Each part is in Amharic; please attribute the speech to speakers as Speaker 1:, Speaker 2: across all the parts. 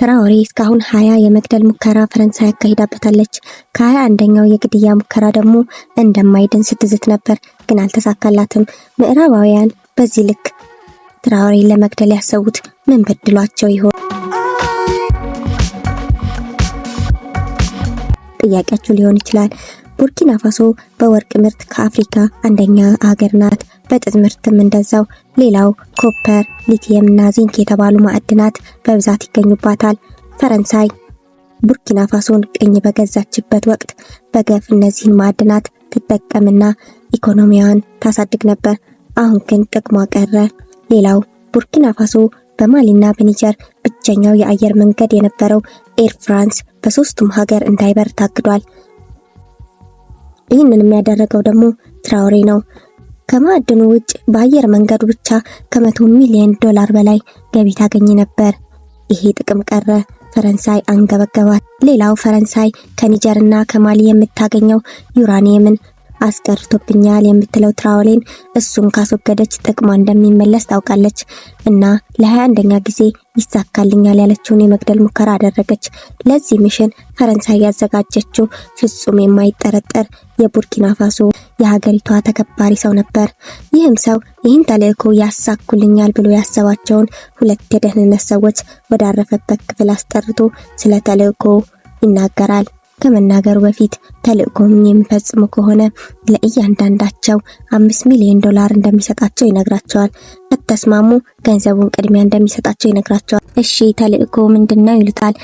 Speaker 1: ትራኦሬ እስካሁን ሀያ የመግደል ሙከራ ፈረንሳይ አካሂዳበታለች። ከሀያ አንደኛው የግድያ ሙከራ ደግሞ እንደማይድን ስትዝት ነበር፣ ግን አልተሳካላትም። ምዕራባውያን በዚህ ልክ ትራኦሬን ለመግደል ያሰቡት ምን በድሏቸው ይሆን? ጥያቄያችሁ ሊሆን ይችላል። ቡርኪና ፋሶ በወርቅ ምርት ከአፍሪካ አንደኛ አገር ናት። በጥጥ ምርትም እንደዛው። ሌላው ኮፐር፣ ሊቲየም እና ዚንክ የተባሉ ማዕድናት በብዛት ይገኙባታል። ፈረንሳይ ቡርኪና ፋሶን ቅኝ በገዛችበት ወቅት በገፍ እነዚህን ማዕድናት ትጠቀምና ኢኮኖሚዋን ታሳድግ ነበር። አሁን ግን ጥቅሟ ቀረ። ሌላው ቡርኪና ፋሶ በማሊና በኒጀር ብቸኛው የአየር መንገድ የነበረው ኤር ፍራንስ በሶስቱም ሀገር እንዳይበር ታግዷል። ይህንን የሚያደረገው ደግሞ ትራውሬ ነው። ከማዕድኑ ውጭ በአየር መንገዱ ብቻ ከመቶ ሚሊዮን ዶላር በላይ ገቢ ታገኝ ነበር። ይሄ ጥቅም ቀረ። ፈረንሳይ አንገበገባት። ሌላው ፈረንሳይ ከኒጀርና ከማሊ የምታገኘው ዩራኒየምን አስቀርቶብኛል የምትለው ትራውሌን እሱን ካስወገደች ጥቅሟ እንደሚመለስ ታውቃለች እና ለሀያአንደኛ ጊዜ ይሳካልኛል ያለችውን የመግደል ሙከራ አደረገች። ለዚህ ሚሽን ፈረንሳይ ያዘጋጀችው ፍጹም የማይጠረጠር የቡርኪና ፋሶ የሀገሪቷ ተከባሪ ሰው ነበር። ይህም ሰው ይህን ተልእኮ ያሳኩልኛል ብሎ ያሰባቸውን ሁለት የደህንነት ሰዎች ወዳረፈበት ክፍል አስጠርቶ ስለ ተልእኮ ይናገራል። ከመናገሩ በፊት ተልእኮም የሚፈጽሙ ከሆነ ለእያንዳንዳቸው አምስት ሚሊዮን ዶላር እንደሚሰጣቸው ይነግራቸዋል። ከተስማሙ ገንዘቡን ቅድሚያ እንደሚሰጣቸው ይነግራቸዋል። እሺ ተልእኮ ምንድን ነው ይሉታል።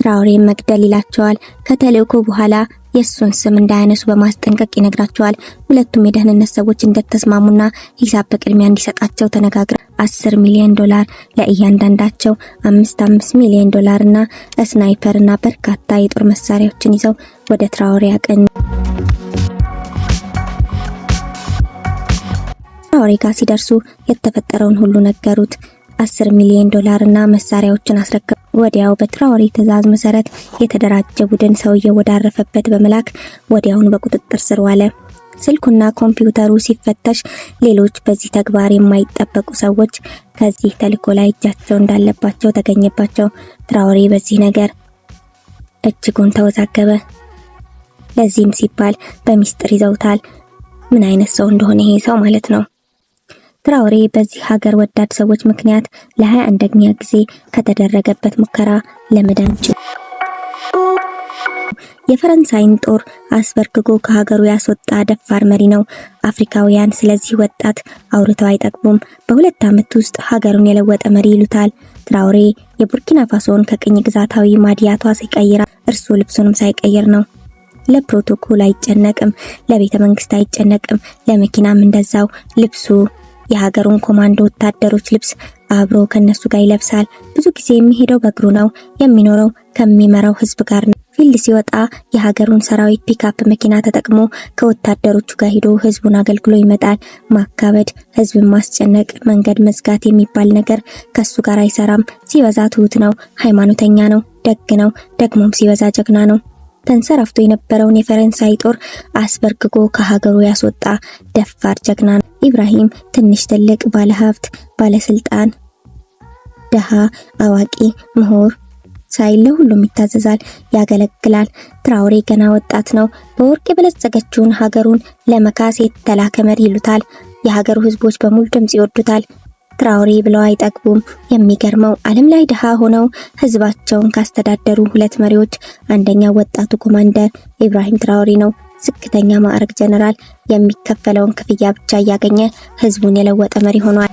Speaker 1: ትራውሬን መግደል ይላቸዋል። ከተልእኮ በኋላ የእሱን ስም እንዳያነሱ በማስጠንቀቅ ይነግራቸዋል። ሁለቱም የደህንነት ሰዎች እንደተስማሙና ሂሳብ በቅድሚያ እንዲሰጣቸው ተነጋግረ አስር ሚሊዮን ዶላር ለእያንዳንዳቸው አምስት አምስት ሚሊዮን ዶላርና ስናይፐርና በርካታ የጦር መሳሪያዎችን ይዘው ወደ ትራውሬ ያቀኙ። ትራውሬ ጋር ሲደርሱ የተፈጠረውን ሁሉ ነገሩት። አስር ሚሊዮን ዶላርና መሳሪያዎችን አስረከቡ። ወዲያው በትራኦሬ ትዕዛዝ መሰረት የተደራጀ ቡድን ሰውየው ወዳረፈበት በመላክ ወዲያውን በቁጥጥር ስር ዋለ። ስልኩና ኮምፒውተሩ ሲፈተሽ ሌሎች በዚህ ተግባር የማይጠበቁ ሰዎች ከዚህ ተልእኮ ላይ እጃቸው እንዳለባቸው ተገኘባቸው። ትራኦሬ በዚህ ነገር እጅጉን ተወዛገበ። ለዚህም ሲባል በሚስጥር ይዘውታል። ምን አይነት ሰው እንደሆነ ይሄ ሰው ማለት ነው። ትራውሬ በዚህ ሀገር ወዳድ ሰዎች ምክንያት ለሀያ አንደኛ ጊዜ ከተደረገበት ሙከራ ለመዳን የፈረንሳይን ጦር አስበርክጎ ከሀገሩ ያስወጣ ደፋር መሪ ነው። አፍሪካውያን ስለዚህ ወጣት አውርተው አይጠግቡም። በሁለት ዓመት ውስጥ ሀገሩን የለወጠ መሪ ይሉታል። ትራውሬ የቡርኪና ፋሶን ከቅኝ ግዛታዊ ማዲያቷ ሲቀይራ እርሱ ልብሱንም ሳይቀይር ነው። ለፕሮቶኮል አይጨነቅም፣ ለቤተ መንግስት አይጨነቅም፣ ለመኪናም እንደዛው ልብሱ የሀገሩን ኮማንዶ ወታደሮች ልብስ አብሮ ከነሱ ጋር ይለብሳል። ብዙ ጊዜ የሚሄደው በእግሩ ነው። የሚኖረው ከሚመራው ህዝብ ጋር ነው። ፊልድ ሲወጣ የሀገሩን ሰራዊት ፒካፕ መኪና ተጠቅሞ ከወታደሮቹ ጋር ሂዶ ህዝቡን አገልግሎ ይመጣል። ማካበድ፣ ህዝብን ማስጨነቅ፣ መንገድ መዝጋት የሚባል ነገር ከሱ ጋር አይሰራም። ሲበዛ ትሁት ነው፣ ሃይማኖተኛ ነው፣ ደግ ነው፣ ደግሞም ሲበዛ ጀግና ነው። ተንሰራፍቶ የነበረውን የፈረንሳይ ጦር አስበርግጎ ከሀገሩ ያስወጣ ደፋር ጀግና ነው። ኢብራሂም ትንሽ ትልቅ፣ ባለሀብት፣ ባለስልጣን፣ ደሃ፣ አዋቂ፣ ምሁር ሳይል ለሁሉም ይታዘዛል፣ ያገለግላል። ትራውሬ ገና ወጣት ነው። በወርቅ የበለጸገችውን ሀገሩን ለመካስ የተላከ መሪ ይሉታል። የሀገሩ ህዝቦች በሙሉ ድምጽ ይወዱታል። ትራውሬ ብለው አይጠግቡም። የሚገርመው ዓለም ላይ ድሃ ሆነው ህዝባቸውን ካስተዳደሩ ሁለት መሪዎች አንደኛው ወጣቱ ኮማንደር ኢብራሂም ትራውሬ ነው። ዝቅተኛ ማዕረግ ጀነራል፣ የሚከፈለውን ክፍያ ብቻ እያገኘ ህዝቡን የለወጠ መሪ ሆኗል።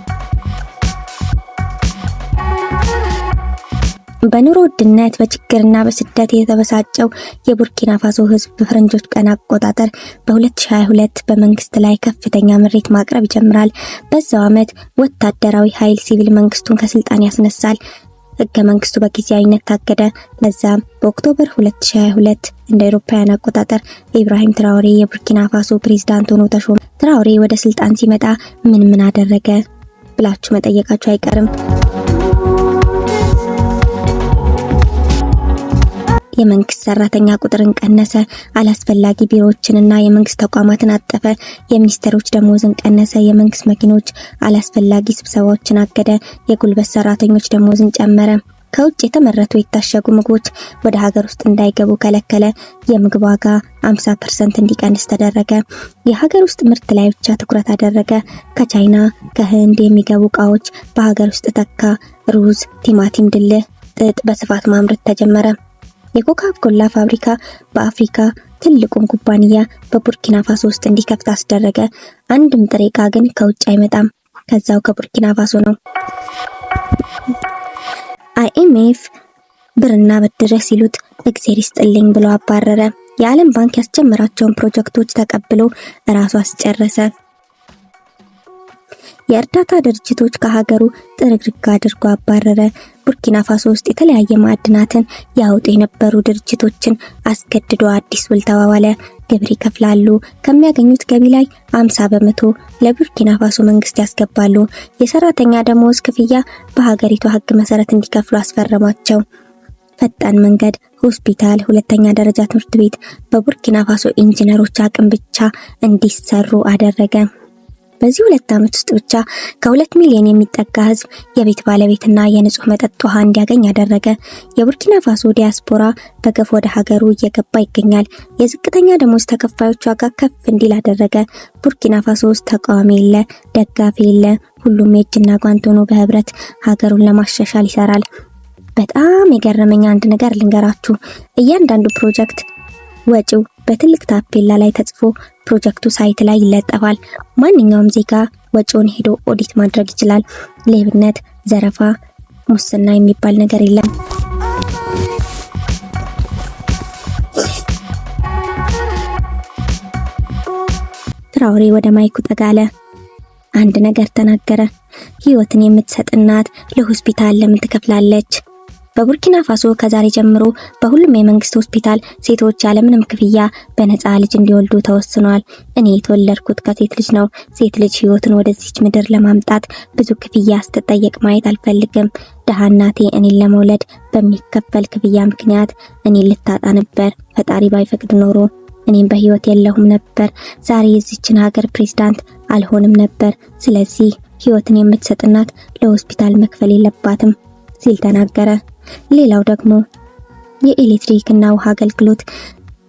Speaker 1: በኑሮ ውድነት በችግርና በስደት የተበሳጨው የቡርኪና ፋሶ ህዝብ በፈረንጆች ቀን አቆጣጠር በ2022 በመንግስት ላይ ከፍተኛ ምሬት ማቅረብ ይጀምራል። በዛው ዓመት ወታደራዊ ኃይል ሲቪል መንግስቱን ከስልጣን ያስነሳል። ህገ መንግስቱ በጊዜያዊነት ታገደ። በዛም በኦክቶበር 2022 እንደ አውሮፓውያን አቆጣጠር ኢብራሂም ትራውሬ የቡርኪና ፋሶ ፕሬዝዳንት ሆኖ ተሾመ። ትራውሬ ወደ ስልጣን ሲመጣ ምን ምን አደረገ ብላችሁ መጠየቃችሁ አይቀርም። የመንግስት ሰራተኛ ቁጥርን ቀነሰ፣ አላስፈላጊ ቢሮዎችንና የመንግስት ተቋማትን አጠፈ፣ የሚኒስትሮች ደሞዝን ቀነሰ፣ የመንግስት መኪኖች አላስፈላጊ ስብሰባዎችን አገደ፣ የጉልበት ሰራተኞች ደሞዝን ጨመረ፣ ከውጭ የተመረቱ የታሸጉ ምግቦች ወደ ሀገር ውስጥ እንዳይገቡ ከለከለ፣ የምግብ ዋጋ 50 ፐርሰንት እንዲቀንስ ተደረገ፣ የሀገር ውስጥ ምርት ላይ ብቻ ትኩረት አደረገ፣ ከቻይና ከህንድ የሚገቡ እቃዎች በሀገር ውስጥ ተካ፣ ሩዝ፣ ቲማቲም፣ ድልህ፣ ጥጥ በስፋት ማምረት ተጀመረ። የኮካ ኮላ ፋብሪካ በአፍሪካ ትልቁን ኩባንያ በቡርኪና ፋሶ ውስጥ እንዲከፍት አስደረገ። አንድም ጥሬ እቃ ግን ከውጭ አይመጣም፣ ከዛው ከቡርኪና ፋሶ ነው። አይኤምኤፍ ብርና ብድር ሲሉት እግዜር ይስጥልኝ ብሎ አባረረ። የዓለም ባንክ ያስጀመራቸውን ፕሮጀክቶች ተቀብሎ እራሱ አስጨረሰ። የእርዳታ ድርጅቶች ከሀገሩ ጥርግርግ አድርጎ አባረረ። ቡርኪና ፋሶ ውስጥ የተለያየ ማዕድናትን ያወጡ የነበሩ ድርጅቶችን አስገድዶ አዲስ ውል ተባባለ። ግብር ይከፍላሉ። ከሚያገኙት ገቢ ላይ 50 በመቶ ለቡርኪና ፋሶ መንግስት ያስገባሉ። የሰራተኛ ደሞዝ ክፍያ በሀገሪቱ ህግ መሰረት እንዲከፍሉ አስፈረሟቸው። ፈጣን መንገድ፣ ሆስፒታል፣ ሁለተኛ ደረጃ ትምህርት ቤት በቡርኪና ፋሶ ኢንጂነሮች አቅም ብቻ እንዲሰሩ አደረገ። በዚህ ሁለት ዓመት ውስጥ ብቻ ከሁለት ሚሊዮን የሚጠጋ ህዝብ የቤት ባለቤትና የንጹህ መጠጥ ውሃ እንዲያገኝ አደረገ። የቡርኪና ፋሶ ዲያስፖራ በገፍ ወደ ሀገሩ እየገባ ይገኛል። የዝቅተኛ ደሞዝ ተከፋዮቿ ጋር ከፍ እንዲል አደረገ። ቡርኪና ፋሶ ውስጥ ተቃዋሚ የለ፣ ደጋፊ የለ። ሁሉም የእጅና ጓንት ሆኖ በህብረት ሀገሩን ለማሻሻል ይሰራል። በጣም የገረመኝ አንድ ነገር ልንገራችሁ። እያንዳንዱ ፕሮጀክት ወጪው በትልቅ ታፔላ ላይ ተጽፎ ፕሮጀክቱ ሳይት ላይ ይለጠፋል። ማንኛውም ዜጋ ወጪውን ሄዶ ኦዲት ማድረግ ይችላል። ሌብነት፣ ዘረፋ፣ ሙስና የሚባል ነገር የለም። ትራውሬ ወደ ማይኩ ጠጋለ አንድ ነገር ተናገረ። ህይወትን የምትሰጥ እናት ለሆስፒታል ለምን ትከፍላለች? በቡርኪና ፋሶ ከዛሬ ጀምሮ በሁሉም የመንግስት ሆስፒታል ሴቶች ያለምንም ክፍያ በነፃ ልጅ እንዲወልዱ ተወስኗል። እኔ የተወለድኩት ከሴት ልጅ ነው። ሴት ልጅ ህይወትን ወደዚች ምድር ለማምጣት ብዙ ክፍያ ስትጠየቅ ማየት አልፈልግም። ድሃ እናቴ እኔን ለመውለድ በሚከፈል ክፍያ ምክንያት እኔን ልታጣ ነበር። ፈጣሪ ባይፈቅድ ኖሮ እኔም በህይወት የለሁም ነበር። ዛሬ የዚችን ሀገር ፕሬዝዳንት አልሆንም ነበር። ስለዚህ ህይወትን የምትሰጥናት ለሆስፒታል መክፈል የለባትም ሲል ተናገረ። ሌላው ደግሞ የኤሌክትሪክ እና ውሃ አገልግሎት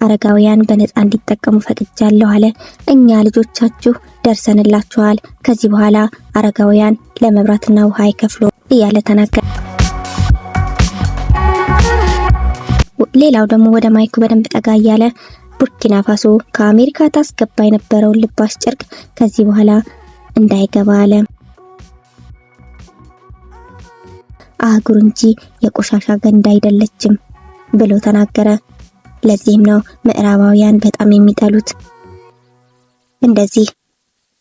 Speaker 1: አረጋውያን በነፃ እንዲጠቀሙ ፈቅጃለሁ አለ። እኛ ልጆቻችሁ ደርሰንላችኋል፣ ከዚህ በኋላ አረጋውያን ለመብራትና ውሃ አይከፍሉ እያለ ተናገረ። ሌላው ደግሞ ወደ ማይኩ በደንብ ጠጋ እያለ ቡርኪና ፋሶ ከአሜሪካ ታስገባ የነበረውን ልባሽ ጨርቅ ከዚህ በኋላ እንዳይገባ አህጉር እንጂ የቆሻሻ ገንዳ አይደለችም ብሎ ተናገረ። ለዚህም ነው ምዕራባውያን በጣም የሚጠሉት። እንደዚህ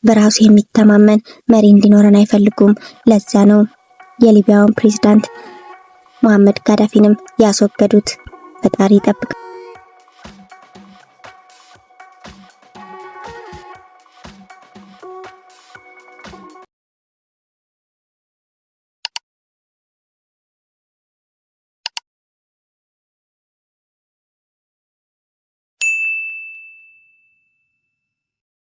Speaker 1: በራሱ የሚተማመን መሪ እንዲኖረን አይፈልጉም። ለዛ ነው የሊቢያውን ፕሬዝዳንት መሐመድ ጋዳፊንም ያስወገዱት። ፈጣሪ ይጠብቃል።